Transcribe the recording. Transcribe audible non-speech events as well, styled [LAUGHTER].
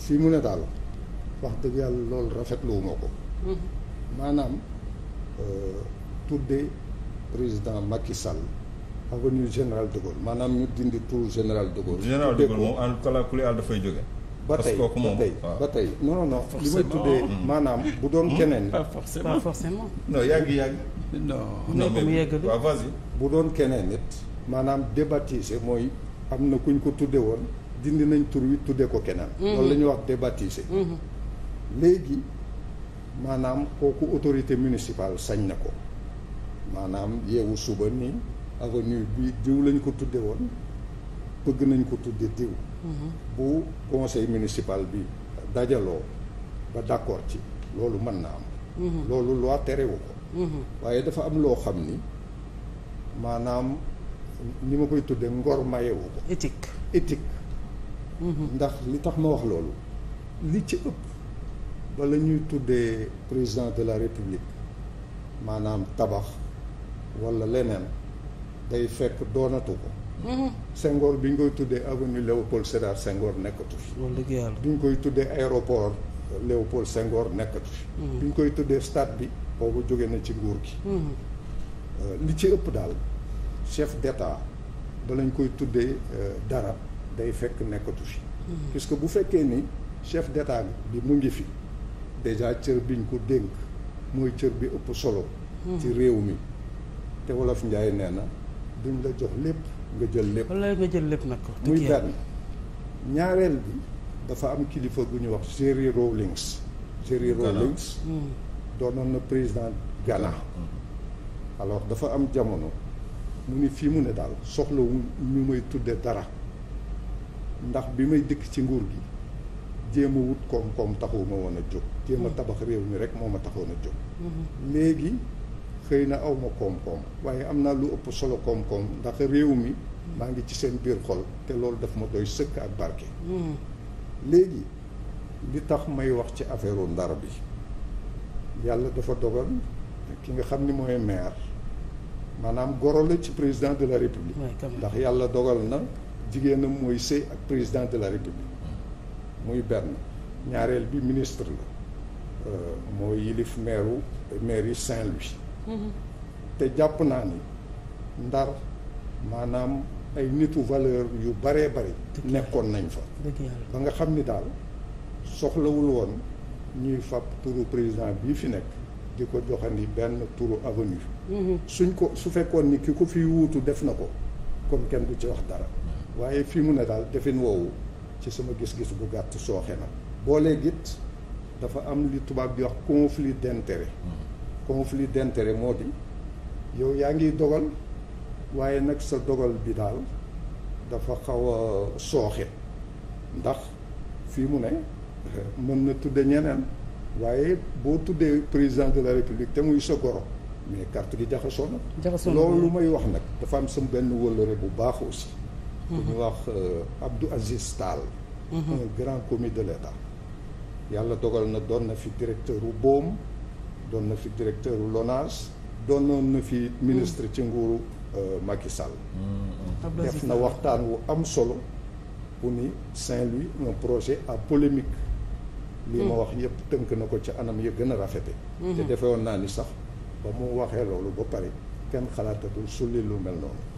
si mu ne daal wax dëgg yàlla loolu rafetluwu ma ko mm-hmm. maanaam euh, tudde président Macky Sall avenue général de Gaulle maanaam ñu dindi tur général de Gaulle général de Gaulle moom en kala ku àll dafay jóge ba tey ba tey ba tey li may tuddee mm-hmm. maanaam bu doon mm-hmm. keneen pas forcément pas forcément non yàgg yàgg non bu doon keneen it maanaam débaptisé mooy am na kuñ ko tudde woon dindi nañ tur wi tuddee ko keneen. Mhm. loolu la ñuy wax débaptisé. Mhm. léegi maanaam kooku autorité municipale sañ na ko maanaam yeewu suba ni avenue bi diw lañ ko tudde woon bëgg nañ ko tudde diw. Mhm. bu conseil municipal bi dajaloo ba d'accord ci loolu mën na am. loolu loi terewu ko. waaye dafa am loo xam ni maanaam ni ma koy tudde ngor mayewu ko. éthique ndax li tax ma wax loolu li ci ëpp bala ñuy tuddee président de la république maanaam tabax wala leneen day fekk doonatu ko mhm. Senghor bi ñu koy tuddee avenue Léopold Sédar Senghor nekkatu fi bi ñu koy tuddee aéroport Léopold Senghor nekkatu fi mhm. bi ñu koy tuddee state bi boobu jóge na ci nguur gi mhm. euh, li ci ëpp daal chef d'état bala ñu koy tuddee euh, dara day fekk nekkatu fi. Hmm. puisque bu fekkee ni chef d'état bi mu ngi fi déjà cër biñ ko dénk mooy cër bi ëpp solo. Hmm. ci réew mi te wolof Njaay nee na duñ la jox lépp nga jël lépp. wala jël lépp nag muy benn ñaareel bi dafa am kilifa gu ñuy wax Jerry Rawlings. Jerry Rawlings hmm. doonoon na président Ghana. alors dafa am jamono mu ni fi mu ne daal soxlawu ñu may tudde dara. ndax bi may dikk ci nguur gi jéem wut koom-koom taxu ma woon a jóg jéem a mm-hmm. tabax réew mi rek moo ma taxoon a jóg mm-hmm. léegi xëy na awma ma koom-koom waaye am naa lu ëpp solo koom-koom ndax réew mi mm-hmm. maa ngi ci seen biir xol te loolu daf ma doy sëkk ak barke léegi li tax may wax ci affaire ndar bi yàlla dafa dogal ki nga xam ni mooy maire maanaam goro la ci président de la république ndax yàlla dogal na jigéenam mooy sëy ak président de la république muy benn ñaareel bi ministre la euh, moo yilif meeru mairie Saint-Louis mm-hmm. te jàpp naa ni ndar maanaam ay nitu valeur yu baree bari nekkoon nañ fa ba nga xam ni daal soxlawul woon ñuy fab turu président bii fi nekk di ko joxandi benn turu avenue mm-hmm. suñ ko su fekkoon ni ki ko fiy wuutu def na ko comme kenn bu ci wax dara waaye fii mu ne daal defin woowu ci sama gis-gis bu gàtt sooxe na boolee git dafa am li tubaab di wax conflit d'intérêt mm. conflit d'intérêt moo di yow yaa ngi dogal waaye nag sa dogal bi daal dafa xaw a sooxe ndax fii mu ne [LAUGHS] mën na tudd ñeneen waaye boo tuddee président de la république te muy sa goro mais carte gi jaxasoo na loolu may wax nag dafa am sam benn wëllëre bu baaxu aussi ku ñu wax eh, Abdou Aziz Tall mhm. un grand commis de l'État yàlla dogal na doon na fi directeur u BOM doon na fi directeur u LONASE doonoon na fi ministre ci nguuru eh, Macky Sall mm-hmm. def na waxtaan wu am solo bu ni Saint-Louis un projet à polémique lii ma mm. wax yëpp tënk na ko ci anam ya gën a rafete mm-hmm. te defewoon naa ni sax ba mu waxee loolu ba pare kenn xalaatatul sulli lu mel noonu